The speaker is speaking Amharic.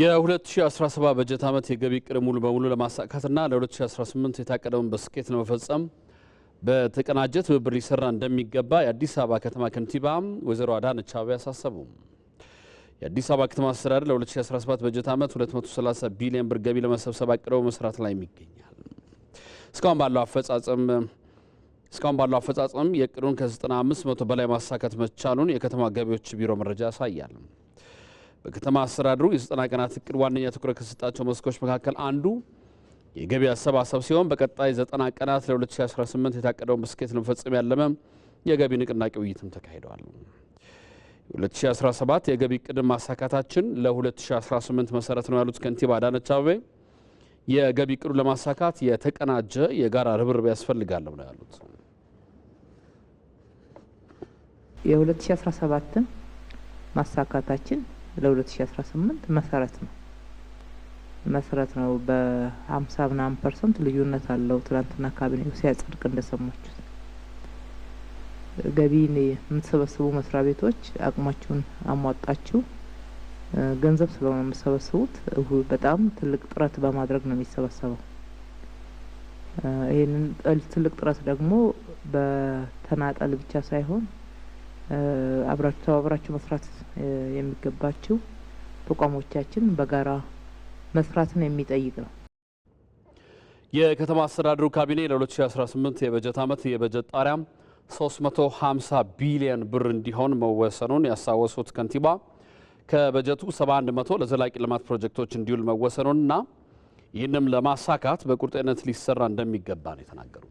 የ2017 በጀት ዓመት የገቢ ዕቅድ ሙሉ በሙሉ ለማሳካትና ለ2018 የታቀደውን በስኬት ለመፈጸም በተቀናጀ ትብብር ሊሰራ እንደሚገባ የአዲስ አበባ ከተማ ከንቲባ ወይዘሮ አዳነች አቤቤ አሳሰቡ። የአዲስ አበባ ከተማ አስተዳደር ለ2017 በጀት ዓመት 230 ቢሊዮን ብር ገቢ ለመሰብሰብ አቅደው መስራት ላይ ይገኛል። እስካሁን ባለው አፈጻጸም እስካሁን ባለው አፈጻጸም የዕቅዱን ከ95 በመቶ በላይ ማሳካት መቻሉን የከተማ ገቢዎች ቢሮ መረጃ ያሳያል። በከተማ አስተዳደሩ የዘጠና ቀናት እቅድ ዋነኛ ትኩረት ከሰጣቸው መስኮች መካከል አንዱ የገቢ አሰባሰብ ሲሆን በቀጣይ ዘጠና ቀናት ለ2018 የታቀደውን በስኬት ለመፈጸም ያለመ የገቢ ንቅናቄ ውይይትም ተካሂደዋል የ2017 የገቢ እቅድን ማሳካታችን ለ2018 መሰረት ነው ያሉት ከንቲባ አዳነች አበቤ የገቢ እቅዱን ለማሳካት የተቀናጀ የጋራ ርብርብ ያስፈልጋለም ነው ያሉት። የ2017ን ማሳካታችን ለ2018 መሰረት ነው መሰረት ነው። በ50 ምናምን ፐርሰንት ልዩነት አለው። ትናንትና ካቢኔው ሲያጸድቅ እንደሰማችሁት ገቢ የምትሰበስቡ መስሪያ ቤቶች አቅማችሁን አሟጣችሁ ገንዘብ ስለሆነ የምትሰበስቡት በጣም ትልቅ ጥረት በማድረግ ነው የሚሰበሰበው። ይህንን ትልቅ ጥረት ደግሞ በተናጠል ብቻ ሳይሆን አብራችሁ ተባብራችሁ መስራት የሚገባቸው ተቋሞቻችን በጋራ መስራትን የሚጠይቅ ነው። የከተማ አስተዳደሩ ካቢኔ ለ2018 የበጀት ዓመት የበጀት ጣሪያም 350 ቢሊዮን ብር እንዲሆን መወሰኑን ያስታወሱት ከንቲባ ከበጀቱ 71 መቶ ለዘላቂ ልማት ፕሮጀክቶች እንዲውል መወሰኑንና ይህንም ለማሳካት በቁርጠኝነት ሊሰራ እንደሚገባ ነው የተናገሩት።